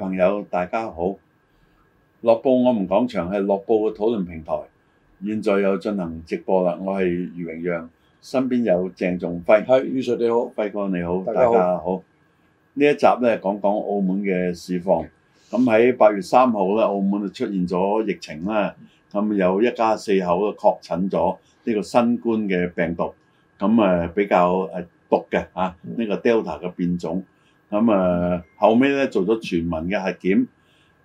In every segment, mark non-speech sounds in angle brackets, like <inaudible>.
朋友，大家好！樂報我們講場係樂報嘅討論平台，現在又進行直播啦。我係余榮陽，身邊有鄭仲輝。係余 Sir 你好，輝哥你好，大家好。呢一集咧講講澳門嘅市況。咁喺八月三號咧，澳門就出現咗疫情啦。咁有一家四口確診咗呢個新冠嘅病毒，咁誒比較誒毒嘅吓呢個 Delta 嘅變種。咁誒後尾咧做咗全民嘅核檢，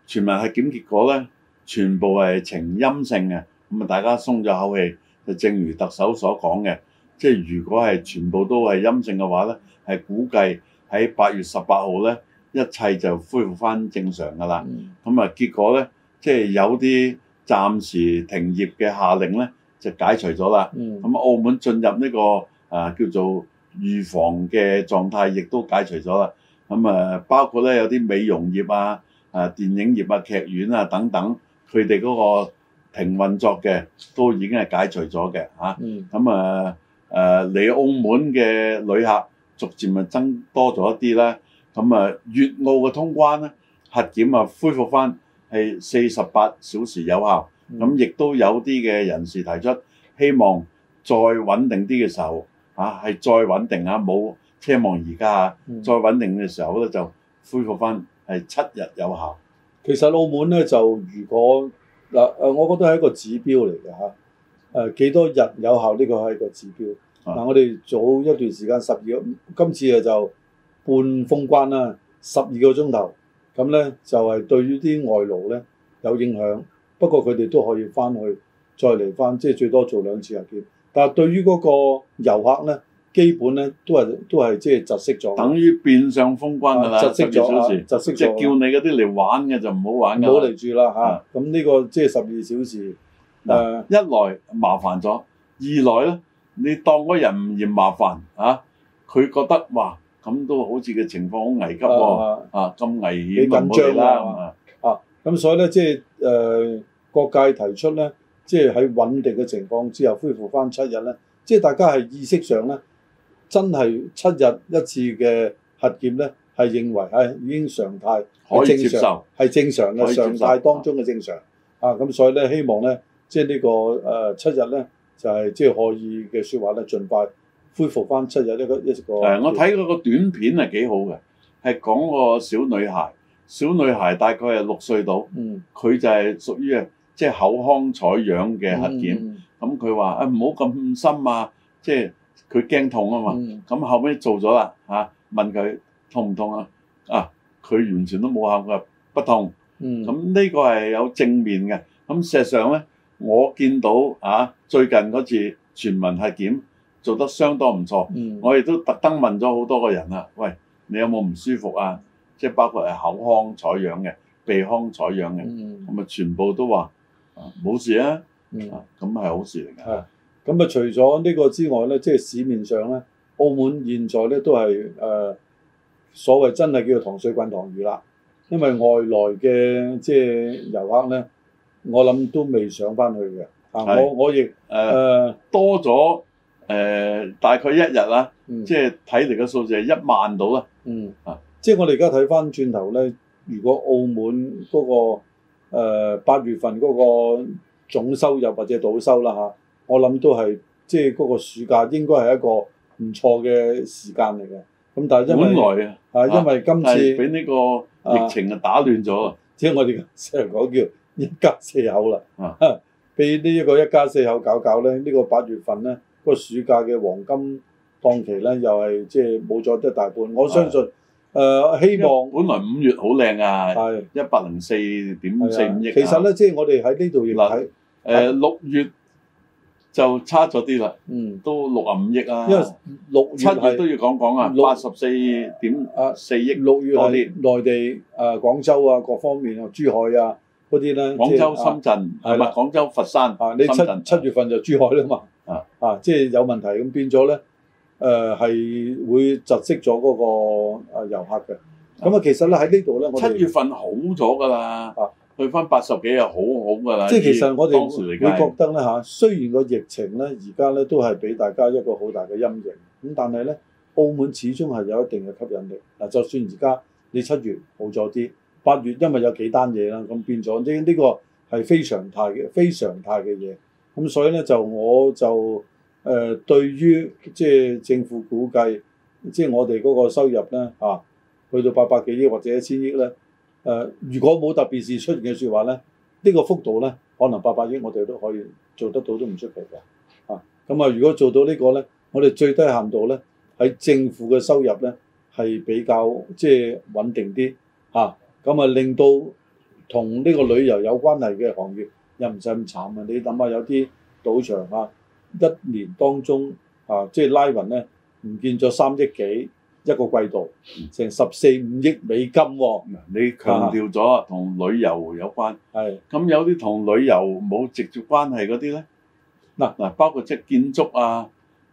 全民核檢結果咧全部係呈陰性嘅，咁啊大家鬆咗口氣。就正如特首所講嘅，即係如果係全部都係陰性嘅話咧，係估計喺八月十八號咧一切就恢復翻正常㗎啦。咁啊結果咧即係有啲暫時停業嘅下令咧就解除咗啦。咁啊澳門進入呢個誒叫做預防嘅狀態亦都解除咗啦。咁啊，包括咧有啲美容業啊、啊電影業啊、劇院啊等等，佢哋嗰個停運作嘅都已經係解除咗嘅嚇。咁啊，誒嚟、嗯啊啊、澳門嘅旅客逐漸啊增多咗一啲啦。咁啊，粵澳嘅通關咧核檢啊恢復翻係四十八小時有效。咁亦、嗯、都有啲嘅人士提出希望再穩定啲嘅時候嚇係、啊、再穩定下冇。希望而家再穩定嘅時候咧，嗯、就恢復翻係七日有效。其實澳門咧就如果嗱誒、呃，我覺得係一個指標嚟嘅嚇誒，幾、呃、多日有效呢個係一個指標。嗱、啊呃、我哋早一段時間十二，今次誒就半封關啦，十二個鐘頭咁咧就係、是、對於啲外勞咧有影響，不過佢哋都可以翻去再嚟翻，即係最多做兩次入邊。但係對於嗰個遊客咧。基本咧都係都係即係窒息咗，等於變相封關噶啦。十二小時窒息咗，即係叫你嗰啲嚟玩嘅就唔好玩噶。冇嚟住啦嚇！咁呢個即係十二小時。誒、啊，一來麻煩咗，二來咧，你當嗰人唔嫌麻煩嚇，佢、啊、覺得哇，咁都好似嘅情況好危急喎啊，咁、啊、危險，你緊張啦啊！咁所以咧、就是，即係誒各界提出咧，即係喺穩定嘅情況之後，恢復返七日咧，即係大家係意識上咧。啊，真係七日一次嘅核檢咧，係認為係已經常態，可以接受，係正常嘅常態當中嘅正常。啊，咁所以咧，希望咧，即係呢個誒七日咧，就係即係可以嘅説話咧，儘快恢復翻七日呢個一個。誒，我睇嗰個短片係幾好嘅，係講個小女孩，小女孩大概係六歲度，佢就係屬於誒即係口腔採樣嘅核檢，咁佢話啊，唔好咁深啊，即係。佢驚痛啊嘛，咁、嗯、後尾做咗啦嚇，問佢痛唔痛啊？啊，佢完全都冇效嘅，不痛。咁呢、嗯、個係有正面嘅。咁、啊、事實上咧，我見到啊，最近嗰次全民核檢做得相當唔錯。嗯、我亦都特登問咗好多個人啦，喂，你有冇唔舒服啊？即係包括係口腔採樣嘅、鼻腔採樣嘅，咁啊、嗯，嗯、全部都話冇、啊、事啊。嗯、啊，咁係好事嚟嘅。咁啊，除咗呢個之外咧，即、就、係、是、市面上咧，澳門現在咧都係誒、呃、所謂真係叫做糖水滾塘魚啦，因為外來嘅即係遊客咧，我諗都未上翻去嘅。啊、呃，我我亦誒多咗誒、呃、大概一日啦，嗯、即係睇嚟嘅數字係一萬到啦。嗯啊，即係我哋而家睇翻轉頭咧，如果澳門嗰、那個八、呃、月份嗰個總收入或者賭收啦嚇。啊。我諗都係即係嗰個暑假應該係一個唔錯嘅時間嚟嘅。咁但係因為啊，因為今次俾呢個疫情啊打亂咗，即係、啊就係、我哋成日講叫一家四口啦。啊，俾呢一個一家四口搞搞咧，呢、呢個八月份咧，個暑假嘅黃金檔期咧，又係即係冇咗得大半。我相信誒的、呃，希望本來五月好靚噶，係一百零四點四五億、啊。其實咧，即係我哋喺呢度要睇誒六月。就差咗啲啦，嗯，都六啊五億啊，因為六七月都要講講啊，八十四點四億六月，內地誒廣州啊各方面啊珠海啊嗰啲咧，廣州深圳係咪？廣州佛山啊，你七七月份就珠海啦嘛，啊啊即係有問題咁變咗咧，誒係會窒息咗嗰個誒遊客嘅，咁啊其實咧喺呢度咧，七月份好咗㗎啦。去翻八十幾日，好好㗎啦！即係其實我哋，你覺得咧吓，雖然個疫情咧，而家咧都係俾大家一個好大嘅陰影。咁但係咧，澳門始終係有一定嘅吸引力。嗱，就算而家你七月好咗啲，八月因為有幾單嘢啦，咁變咗呢呢個係非常態嘅非常態嘅嘢。咁所以咧就我就誒對於即係政府估計，即係我哋嗰個收入咧吓，去到八百幾億或者一千億咧。誒，如果冇特別事出現嘅説話咧，呢、呢個幅度咧，可能八百億我哋都可以做得到，都唔出奇嘅。啊，咁啊，如果做到個呢個咧，我哋最低限度咧，喺政府嘅收入咧係比較即係穩定啲。嚇、啊，咁、嗯、啊，令到同呢個旅遊有關係嘅行業又唔使咁慘啊！你諗下，有啲賭場啊，一年當中啊，即係拉勻咧，唔見咗三億幾。一個季度成十四五億美金喎、啊，你強調咗同、啊、旅遊有關，係咁的有啲同旅遊冇直接關係嗰啲咧，嗱嗱、啊、包括即係建築啊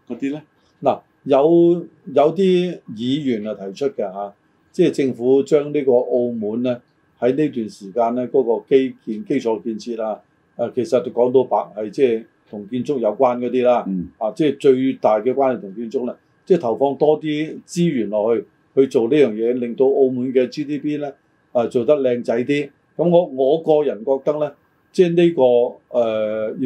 嗰啲咧，嗱、啊、有有啲議員啊提出嘅嚇，即、啊、係、就是、政府將呢個澳門咧喺呢段時間咧嗰、那個基建基礎建設啊，誒、啊、其實就講到白係即係同建築有關嗰啲啦，嗯、啊即係、就是、最大嘅關係同建築啦。即係投放多啲資源落去去做呢樣嘢，令到澳門嘅 GDP 咧啊做得靚仔啲。咁我我個人覺得咧，即係呢個誒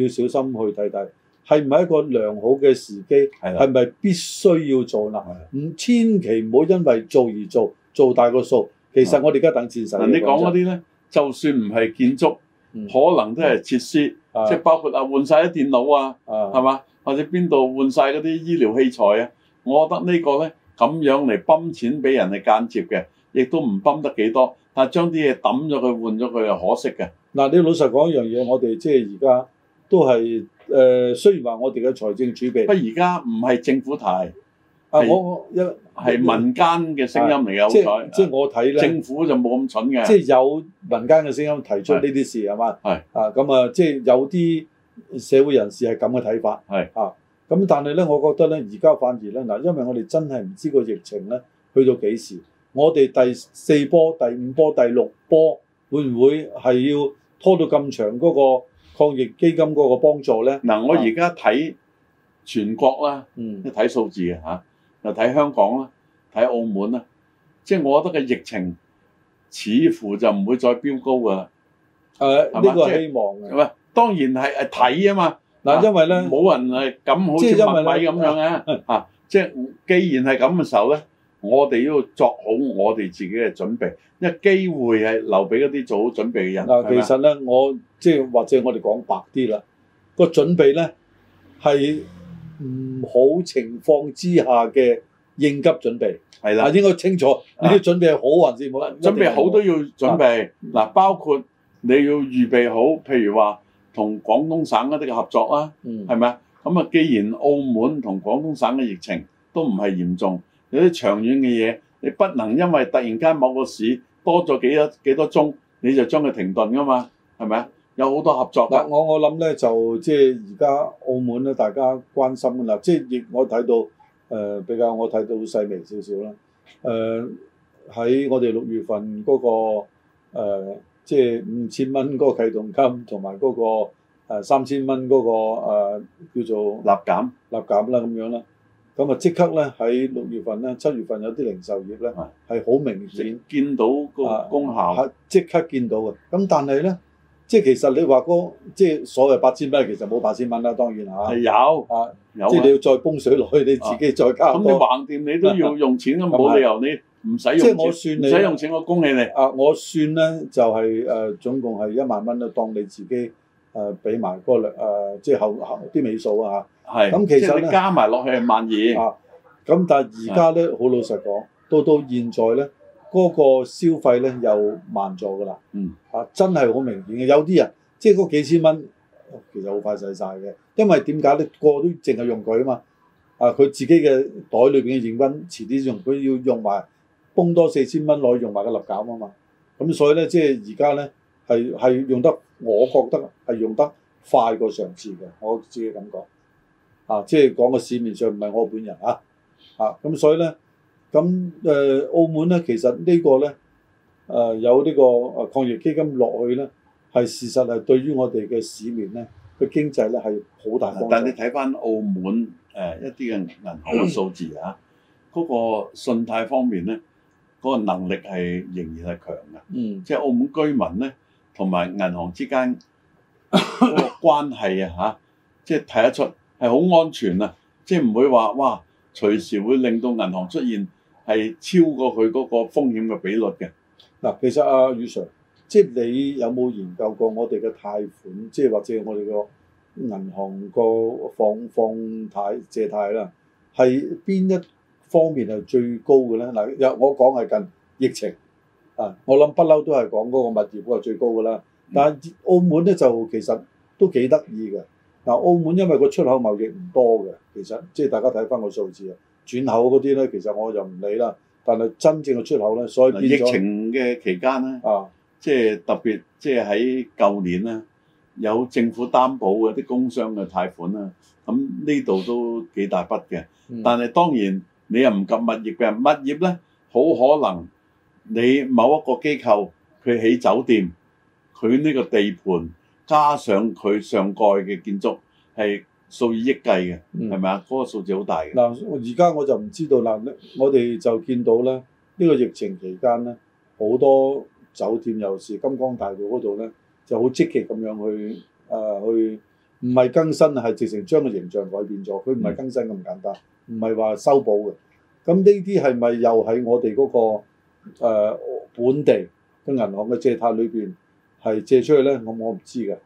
要小心去睇睇，係唔係一個良好嘅時機？係，係咪必須要做嗱？咁千祈唔好因為做而做，做大個數。其實我哋而家等事實。嗱，你講嗰啲咧，就算唔係建築，可能都係設施，即係包括啊換曬啲電腦啊，係嘛？或者邊度換曬嗰啲醫療器材啊？我覺得個呢個咧咁樣嚟泵錢俾人係間接嘅，亦都唔泵得幾多，多，但係將啲嘢抌咗佢換咗佢又可惜嘅。嗱、啊，你老實講一樣嘢，我哋即係而家都係誒、呃，雖然話我哋嘅財政儲備，不過而家唔係政府提，啊我一係民間嘅聲音嚟嘅，好彩、啊，啊、即係我睇咧，政府就冇咁蠢嘅，即係有民間嘅聲音提出呢啲事係嘛，係啊咁啊，即係有啲社會人士係咁嘅睇法，係啊。咁、嗯、但係咧，我覺得咧，而家反而咧，嗱，因為我哋真係唔知個疫情咧去到幾時，我哋第四波、第五波、第六波會唔會係要拖到咁長嗰個抗疫基金嗰個幫助咧？嗱、啊，我而家睇全國啦、啊，嗯，睇數字啊嚇，又睇香港啦、啊，睇澳門啦、啊，即、就、係、是、我覺得個疫情似乎就唔會再飆高㗎啦。誒、啊，呢吧個希望嘅，唔係當然係誒睇啊嘛。嗱，因為咧，冇、啊、人係咁好似物體咁樣嘅、啊、嚇。即係、啊啊、既然係咁嘅時候咧，我哋要作好我哋自己嘅準備，因為機會係留俾一啲做好準備嘅人。嗱、啊，嗎其實咧，我即係或者我哋講白啲啦，個準備咧係唔好情況之下嘅應急準備，係啦的，啊、應該清楚。你啲準備好還是冇？啊、準備好都要準備，嗱、啊，包括你要預備好，譬如話。同廣東省一啲嘅合作啦，係咪啊？咁啊、嗯，既然澳門同廣東省嘅疫情都唔係嚴重，有啲長遠嘅嘢，你不能因為突然間某個市多咗幾多幾多鐘，你就將佢停頓噶嘛？係咪啊？有好多合作。嗱，我我諗咧就即係而家澳門咧，大家關心啦，即係亦我睇到誒、呃、比較，我睇到細微少少啦。誒、呃、喺我哋六月份嗰、那個、呃即係五千蚊嗰個啟動金，同埋嗰個三千蚊嗰個叫做立減，立減啦咁樣啦。咁啊即刻咧喺六月份咧、七月份有啲零售業咧係好明顯見到個功效，即刻、啊、見到嘅。咁但係咧，即係其實你話嗰、嗰個、即係所謂八千蚊，其實冇八千蚊啦，當然嚇係有、啊、有啊，即係你要再泵水落去，你自己再加多咁、啊、你橫掂，你都要用錢咁，冇理由你。 <laughs> 用用即係我算你唔使用，用錢，我恭喜你啊！我算咧就係誒總共係一萬蚊咧，當你自己誒俾埋嗰兩誒，即係後後啲尾數啊。係咁是、嗯、其實咧加埋落去係萬二啊。咁但係而家咧好老實講，到到現在咧嗰個消費咧又慢咗㗎啦。嗯啊，真係好明顯嘅。有啲人即係嗰幾千蚊其實好快使晒嘅，因為點解咧個都淨係用佢啊嘛啊！佢自己嘅袋裏邊嘅現金，遲啲用佢要用埋。崩多四千蚊可用埋個立減啊嘛，咁所以咧，即係而家咧係係用得，我覺得係用得快過上次嘅，我自己噉講啊，即係講個市面上唔係我本人啊。嚇、啊，咁所以咧，咁誒、呃、澳門咧，其實個呢個咧誒有呢個抗疫基金落去咧，係事實係對於我哋嘅市面咧個經濟咧係好大幫手，但係你睇返澳門誒、呃、一啲嘅銀行嘅數字啊，嗰、嗯、個信貸方面咧。嗰個能力係仍然係強嘅，嗯、即係澳門居民咧同埋銀行之間個關係啊，嚇， <laughs> 即係睇得出係好安全啊，即係唔會話哇，隨時會令到銀行出現係超過佢嗰個風險嘅比率嘅。嗱，其實阿雨、啊、Sir，即係你有冇研究過我哋嘅貸款，即係或者我哋個銀行個放放貸借貸啦，係邊一方面係最高嘅咧，嗱，有我講係近疫情啊，我諗不嬲都係講嗰個物業個最高㗎啦。但係澳門咧就其實都幾得意嘅。嗱，澳門因為個出口貿易唔多嘅，其實即係大家睇翻個數字啊，轉口嗰啲咧其實我就唔理啦。但係真正嘅出口咧，所以疫情嘅期間咧，啊，即係特別即係喺舊年咧，有政府擔保嘅啲工商嘅貸款啦，咁呢度都幾大筆嘅。但係當然。你又唔及物業嘅物業呢。好可能你某一個機構佢起酒店，佢呢個地盤加上佢上蓋嘅建築係數以億計嘅，係咪啊？嗰個數字好大嘅。嗱、嗯，而家我就唔知道嗱，我哋就見到咧，呢個疫情期間咧，好多酒店尤其是金光大道嗰度呢，就好積極咁樣去誒去，唔係更新啊，係直情將個形象改變咗，佢唔係更新咁簡單。嗯唔係話修補嘅，咁呢啲係咪又喺我哋嗰、個、呃、本地嘅銀行嘅借貸裏邊係借出去咧？我我唔知嘅。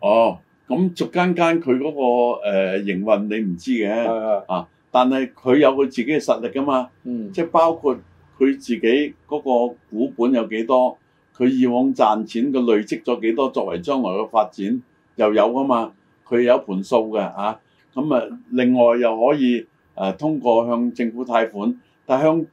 哦，咁逐間間佢嗰個誒營運你唔知嘅的啊，但係佢有佢自己嘅實力㗎嘛。嗯，即係包括佢自己嗰個股本有幾多，佢以往賺錢嘅累積咗幾多作為將來嘅發展又有㗎嘛。佢有盤數嘅。啊，咁、嗯、啊另外又可以。誒、啊、通過向政府貸款，但向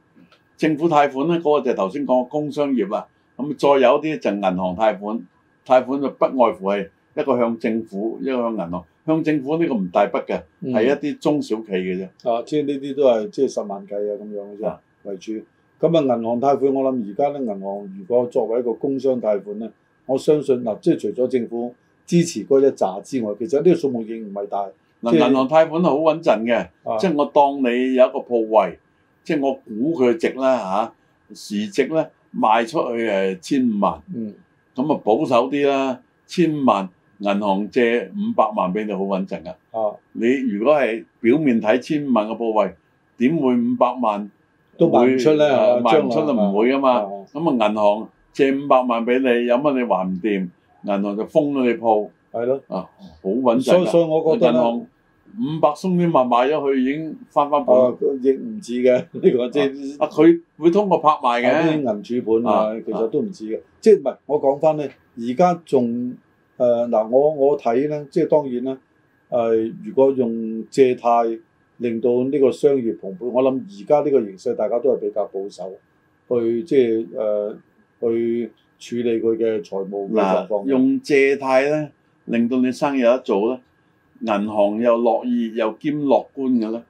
政府貸款咧，嗰、那個就頭先講工商業啊，咁再有啲就銀行貸款，貸款就不外乎係一個向政府，一個向銀行。向政府呢個唔大筆嘅，係、嗯、一啲中小企嘅啫。啊，即係呢啲都係即係十萬計啊咁樣嘅啫為主。咁啊，銀行貸款我諗而家咧，銀行如果作為一個工商貸款咧，我相信嗱、啊，即係除咗政府支持嗰一紮之外，其實呢個數目已經唔係大。嗱，銀行貸款係好穩陣嘅，的即係我當你有一個鋪位，的即係我估佢值啦嚇，市、啊、值咧賣出去誒千五萬，咁啊、嗯、保守啲啦千萬，銀行借五百萬俾你好穩陣噶。啊、你如果係表面睇千五萬嘅鋪位，點會五百萬都賣出咧？啊、賣唔出就唔會啊嘛。咁啊、嗯，銀行借五百萬俾你，有乜你還唔掂？銀行就封咗你鋪。係咯，啊，好穩陣，所以所以，所以我覺得五百鬆啲萬買咗佢已經翻翻本，亦唔似嘅呢個即係佢會通過拍賣嘅啲，啊、銀主盤啊啊。啊，其實都唔似嘅。即係唔係我講翻咧？而家仲誒嗱，我我睇咧，即係當然啦。誒、呃，如果用借貸令到呢個商業蓬勃，我諗而家呢個形勢大家都係比較保守去即係誒、呃、去處理佢嘅財務呢個、啊、用借貸咧。令到你生意一做咧，銀行又樂意又兼樂觀嘅咧，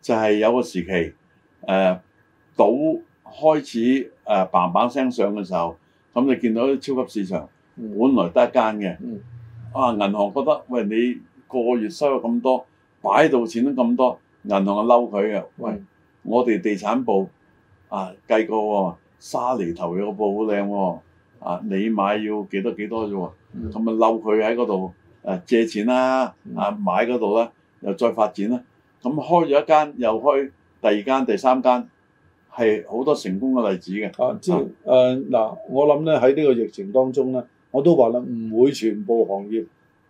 就係、是、有個時期，誒、呃，賭開始誒，砰砰聲上嘅時候，咁你見到啲超級市場，本來得一間嘅，哇、嗯啊！銀行覺得，喂，你個月收入咁多，擺度錢都咁多，銀行就嬲佢嘅，嗯、喂，我哋地產部啊，計過、哦、沙梨頭有個盤好靚喎，啊，你買要幾多幾多啫喎？嗯同埋嬲佢喺嗰度誒借錢啦、啊，買啊買嗰度啦，又再發展啦、啊，咁開咗一間又開第二間、第三間，係好多成功嘅例子嘅。啊，即係誒嗱，我諗咧喺呢個疫情當中咧，我都話啦，唔會全部行業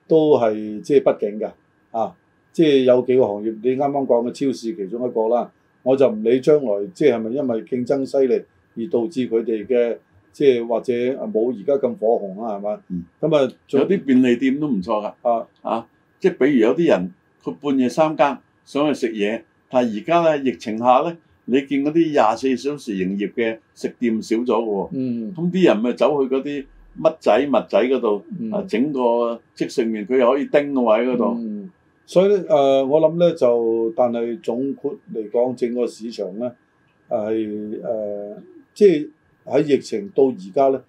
都係即係不景㗎。啊，即係有幾個行業，你啱啱講嘅超市其中一個啦，我就唔理將來即係係咪因為競爭犀利而導致佢哋嘅。即係或者啊冇而家咁火紅啦，係嘛？咁啊，仲有啲便利店都唔錯噶。啊啊，即係比如有啲人佢半夜三更想去食嘢，但係而家咧疫情下咧，你見嗰啲廿四小時營業嘅食店少咗嘅喎。嗯。咁啲人咪走去嗰啲乜仔物仔嗰度啊，整個即食麵佢又可以叮個位嗰度。嗯。所以咧，誒我諗咧就，但係總括嚟講，整個市場咧係誒即係。喺疫情到而家咧，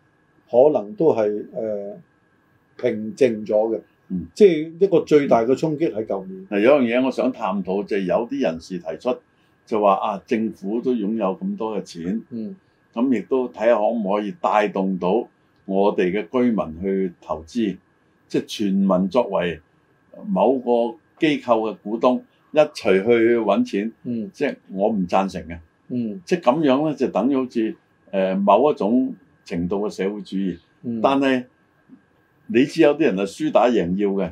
可能都係誒、呃、平靜咗嘅，嗯、即係一個最大嘅衝擊喺舊年。係、嗯、有樣嘢我想探討，就係、是、有啲人士提出就話啊，政府都擁有咁多嘅錢，咁、嗯、亦、嗯、都睇下可唔可以帶動到我哋嘅居民去投資，即、就、係、是、全民作為某個機構嘅股東一齊去揾錢。即係、嗯嗯、我唔贊成嘅，嗯嗯、即係咁樣咧就等於好似。誒某一種程度嘅社會主義，嗯、但係你知有啲人係輸打贏要嘅，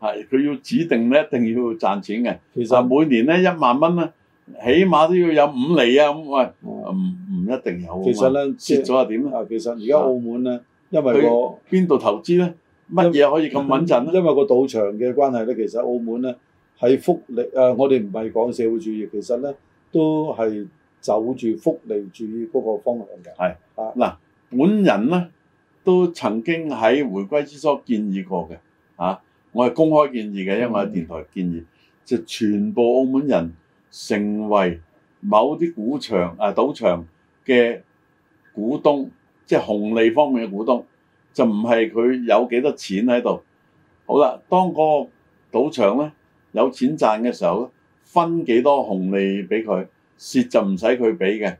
係佢要指定咧，一定要賺錢嘅。其實每年咧一萬蚊咧，起碼都要有五厘啊！咁喂，唔唔、嗯、一定有啊嘛。其實咧，蝕咗係點咧？其實而家澳門咧，因為個邊度投資咧，乜嘢可以咁穩陣？因為個賭場嘅關係咧，其實澳門咧喺福利誒、啊，我哋唔係講社會主義，其實咧都係，走住福利主義嗰個方向嘅，係啊嗱，本人咧都曾經喺回歸之初建議過嘅，嚇、啊、我係公開建議嘅，因為我喺電台建議，嗯、就全部澳門人成為某啲股場啊賭場嘅股東，即係紅利方面嘅股東，就唔係佢有幾多錢喺度。好啦，當嗰個賭場咧有錢賺嘅時候，分幾多紅利俾佢。蝕就唔使佢俾嘅，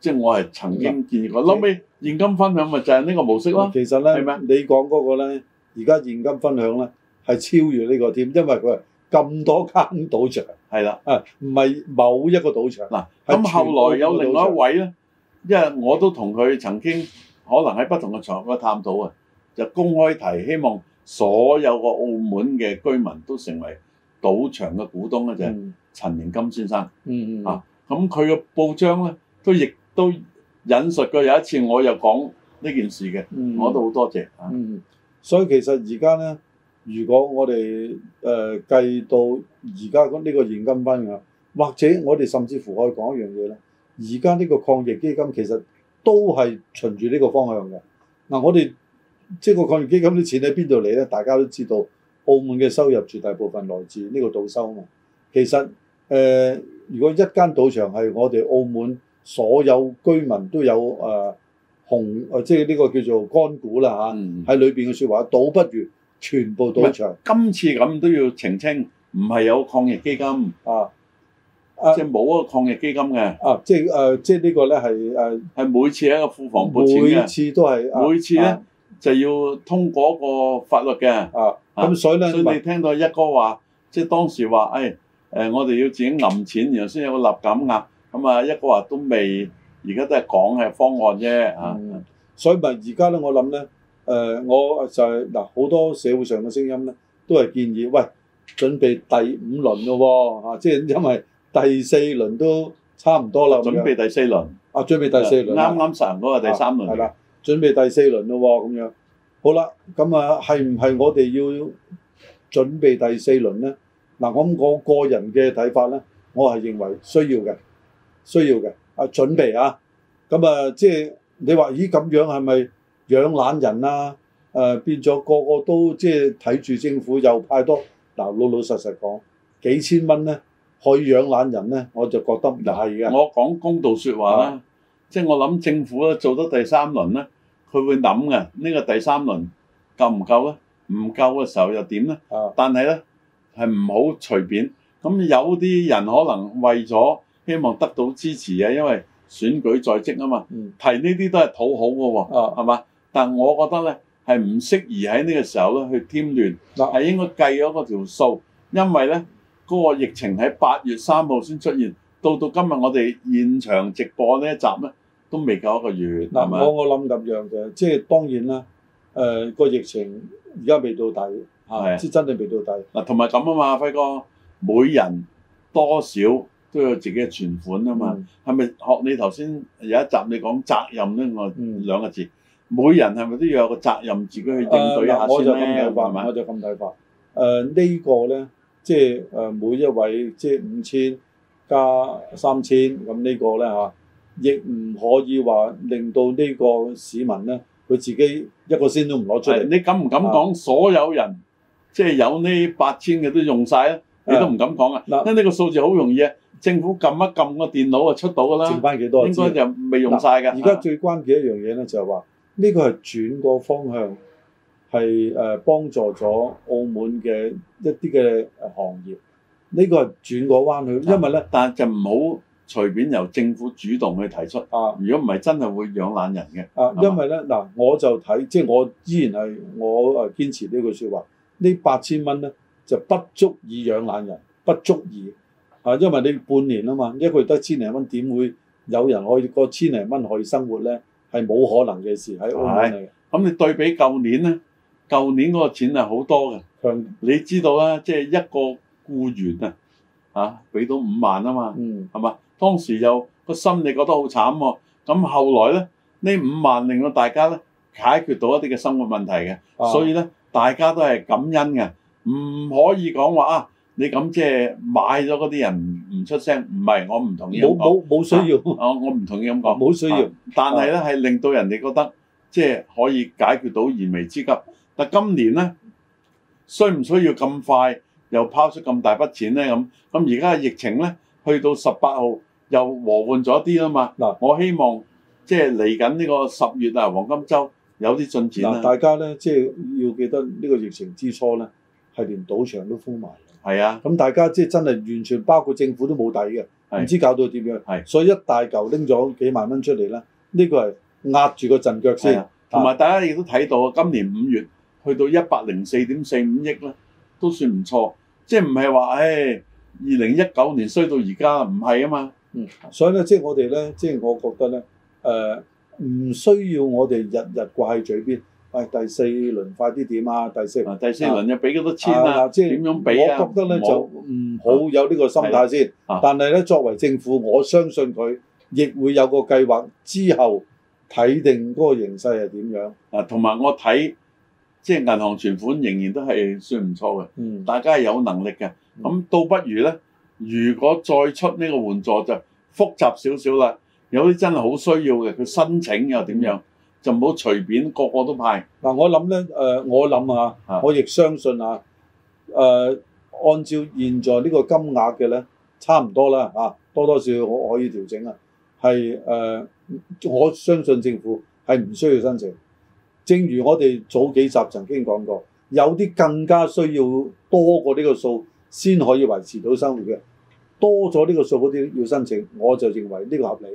即係我係曾經建議過。後尾即現金分享咪就係呢個模式咯。其實咧，係咪嗎你講嗰個咧，而家現金分享咧係超越呢、這個添，因為佢係咁多間賭場。係啦的，啊唔係某一個賭場。嗱、啊，咁後來有另外一位咧，因為我都同佢曾經可能喺不同嘅場合探討啊，就公開提希望所有個澳門嘅居民都成為。賭場嘅股東就係陳明金先生、嗯、啊，咁佢嘅報章咧都亦都引述過，有一次我又講呢件事嘅，嗯、我都好多謝啊、嗯嗯。所以其實而家咧，如果我哋誒計到而家嗰呢個現金分享啊，或者我哋甚至乎可以講一樣嘢咧，而家呢個抗疫基金其實都係循住呢個方向嘅。嗱、啊，我哋即係個抗疫基金啲錢喺邊度嚟咧？大家都知道。澳門嘅收入絕大部分來自呢、這個賭收啊嘛！其實誒、呃，如果一間賭場係我哋澳門所有居民都有誒、呃、紅誒、呃，即係呢個叫做乾股啦嚇，喺裏邊嘅説話，倒不如全部賭場今次咁都要澄清，唔係有抗疫基金啊，即係冇一個抗疫基金嘅啊，即係誒、呃，即係呢個咧係誒，係每次喺個庫房撥錢每次都係，啊、每次咧。啊就要通過個法律嘅，啊，咁、嗯、所以咧，所以你聽到一哥話，即、就、係、是、當時話，誒，誒、呃，我哋要自己揞錢，然後先有個立減額，咁啊，一哥話都未，而家都係講嘅方案啫，啊，嗯、所以咪而家咧，我諗咧，誒、呃，我就係、是、嗱，好、啊、多社會上嘅聲音咧，都係建議，喂，準備第五輪咯喎、啊，即係因為第四輪都差唔多啦，啊啊啊啊啊啊、準備第四輪，啊，準備第四輪，啱啱成行嗰個第三輪。準備第四輪咯喎，咁樣好啦，咁啊係唔係我哋要準備第四輪咧？嗱，咁我個人嘅睇法咧，我係認為需要嘅，需要嘅啊準備啊，咁啊即係、就是、你話咦咁樣係咪養懶人啊？誒、啊、變咗個個都即係睇住政府又派多嗱、啊，老老實實講幾千蚊咧可以養懶人咧，我就覺得唔係嘅，我講公道説話。即係我諗政府咧，做到第三輪咧，佢會諗嘅。呢個第三輪夠唔夠咧？唔夠嘅時候又點咧？的但係咧係唔好隨便。咁有啲人可能為咗希望得到支持啊，因為選舉在即啊嘛。嗯、提呢啲都係討好嘅喎。係嘛？的但係我覺得咧係唔適宜喺呢個時候咧去添亂，係的應該計咗個條數，因為咧嗰個疫情喺八月三號先出現，到到今日我哋現場直播呢一集咧。都未夠一個月嗱，我我諗咁樣嘅，即係當然啦。誒，個疫情而家未到底，係啊，即係真係未到底。嗱，同埋咁啊嘛，輝哥，每人多少都有自己嘅存款啊嘛。係咪學你頭先有一集你講責任呢，我兩個字，每人係咪都要有個責任，自己去應對一下，我就咁睇法。係咪？我就咁睇法。誒呢個咧，即係誒每一位即係五千加三千，咁呢個咧嚇。亦唔可以話令到呢個市民咧，佢自己一個先都唔攞出嚟、啊。你敢唔敢講所有人、啊、即係有呢八千嘅都用晒？咧、啊？你都唔敢講啊！因呢個數字好容易啊，政府撳一撳個電腦啊，出到㗎啦。剩翻幾多字？應該就未用晒㗎。而家、啊啊、最關鍵一樣嘢咧就係話，呢個係轉個方向，係誒幫助咗澳門嘅一啲嘅行業。呢、呢個係轉個彎去，因為咧、啊，但係就唔好。隨便由政府主動去提出，如果唔係真係會養懶人嘅。啊，吧因為咧嗱，我就睇即係我依然係我誒堅持呢句說話。呢八千蚊咧就不足以養懶人，不足以，啊，因為你半年啊嘛，一個月得千零蚊，點會有人可以過千零蚊可以生活咧？係冇可能嘅事喺屋企。咁你對比舊年咧，舊年嗰個錢係好多嘅。的你知道啦、啊，即係一個僱員啊，啊俾到五萬啊嘛，係嘛、嗯？當時又個心理覺得好慘喎，咁後來咧呢五萬令到大家咧解決到一啲嘅生活問題嘅，所以咧大家都係感恩嘅，唔可以講話啊！你咁即係買咗嗰啲人唔出聲，唔係我唔同意冇冇冇需要啊！我唔同意咁講冇需要，但係咧係令到人哋覺得即係可以解決到燃眉之急。但係今年咧需唔需要咁快又拋出咁大筆錢咧咁？咁而家嘅疫情咧去到十八號。又和緩咗啲啦嘛，嗱喏，我希望即係嚟緊呢個十月啊，黃金週有啲進展啦。大家咧即係要記得呢個疫情之初咧，係連賭場都封埋嘅。係啊，咁、嗯、大家即係真係完全包括政府都冇底嘅，唔係知搞到點樣。係係，所以一大嚿拎咗幾萬蚊出嚟啦。呢個係壓住個陣腳先，同埋、啊、大家亦都睇到、啊、今年五月去到一百零四點四五億啦，都算唔錯。即係唔係話誒二零一九年衰到而家唔係啊嘛？嗯，所以咧，即係我哋咧，即係我覺得咧，誒、呃，唔需要我哋日日掛喺嘴邊，誒、哎，第四輪快啲點啊，第四輪啊，第四輪又俾幾多千啊，即係點樣俾、啊、我覺得咧我就唔好有呢個心態先。啊啊、但係咧，作為政府，我相信佢亦會有個計劃，之後睇定嗰個形勢係點樣。啊，同埋我睇，即係銀行存款仍然都係算唔錯嘅。嗯，大家係有能力嘅，咁倒不如咧。如果再出呢個援助就複雜少少啦，有啲真係好需要嘅，佢申請又點樣？就唔好隨便個個都派。嗱、啊，我諗咧，誒、呃，我諗下、啊，啊、我亦相信啊，誒、呃，按照現在呢個金額嘅咧，差唔多啦，嚇、啊，多多少少我可以調整啊。係誒、呃，我相信政府係唔需要申請。正如我哋早幾集曾經講過，有啲更加需要多過呢個數先可以維持到生活嘅。多咗呢個數嗰啲要申請，我就認為呢個合理。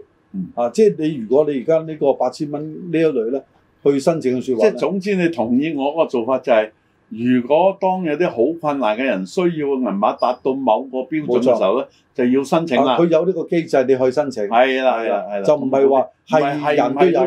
啊，即係你如果你而家呢個八千蚊呢一類咧，去申請嘅説話，即係總之你同意我嗰個做法就係，如果當有啲好困難嘅人需要嘅銀碼達到某個標準嘅時候咧，就要申請啦。佢有呢個機制，你去申請。係啦，係啦，係啦，就唔係話係係咪都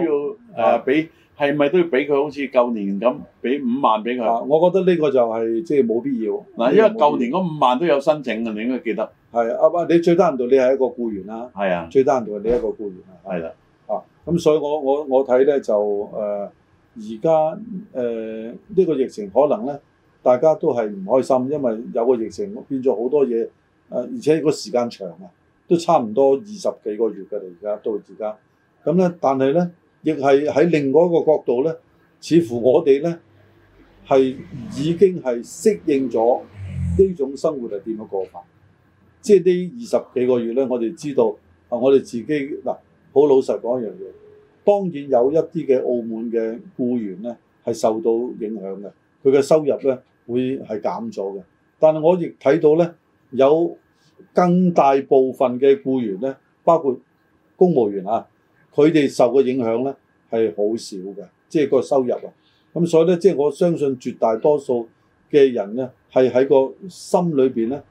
要誒俾？係咪都要俾佢好似舊年咁俾五萬俾佢？我覺得呢個就係即係冇必要嗱，因為舊年嗰五萬都有申請嘅，你應該記得。係啊，唔係你最單獨，你係一個僱員啦。係啊的，最單獨係你一個僱員啦。係啦，的啊咁、嗯，所以我我我睇咧就誒，而家誒呢個疫情可能咧，大家都係唔開心，因為有個疫情變咗好多嘢誒、呃，而且個時間長啊，都差唔多二十幾個月㗎啦，而家到而家。咁、嗯、咧，但係咧，亦係喺另外一個角度咧，似乎我哋咧係已經係適應咗呢種生活係點樣過法。即係呢二十幾個月咧，我哋知道啊，我哋自己嗱，好老實講一樣嘢，當然有一啲嘅澳門嘅僱員咧係受到影響嘅，佢嘅收入咧會係減咗嘅。但係我亦睇到咧，有更大部分嘅僱員咧，包括公務員啊，佢哋受嘅影響咧係好少嘅，即係個收入啊。咁所以咧，即係我相信絕大多數嘅人咧，係喺個心裏邊咧。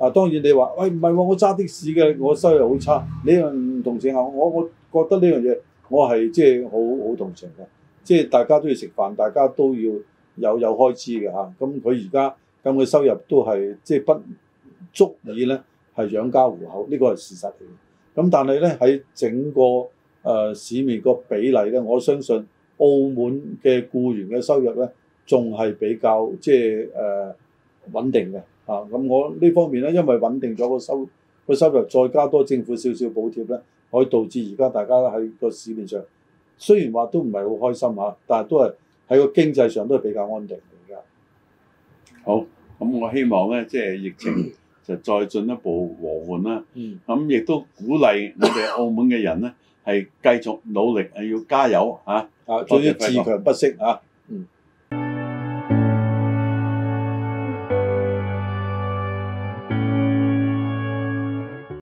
啊，當然你話喂唔係喎，我揸的士嘅，我收入好差。呢樣同情下，我我覺得呢樣嘢，我係即係好好同情嘅。即係大家都要食飯，大家都要有有開支嘅嚇。咁佢而家咁嘅收入都係即係不足以咧，係養家糊口。呢個係事實嚟嘅。咁、啊、但係咧喺整個誒、呃、市面個比例咧，我相信澳門嘅僱員嘅收入咧，仲係比較即係誒、呃、穩定嘅。啊，咁我呢方面咧，因為穩定咗個收個收入，再加多政府少少補貼咧，可以導致而家大家喺個市面上，雖然話都唔係好開心嚇、啊，但係都係喺個經濟上都係比較安定嘅。而家好，咁我希望咧，即係疫情就再進一步和緩啦。嗯，咁亦都鼓勵我哋澳門嘅人咧，係繼續努力，係要加油嚇，做、啊、啲、啊、好自強不息嚇。好好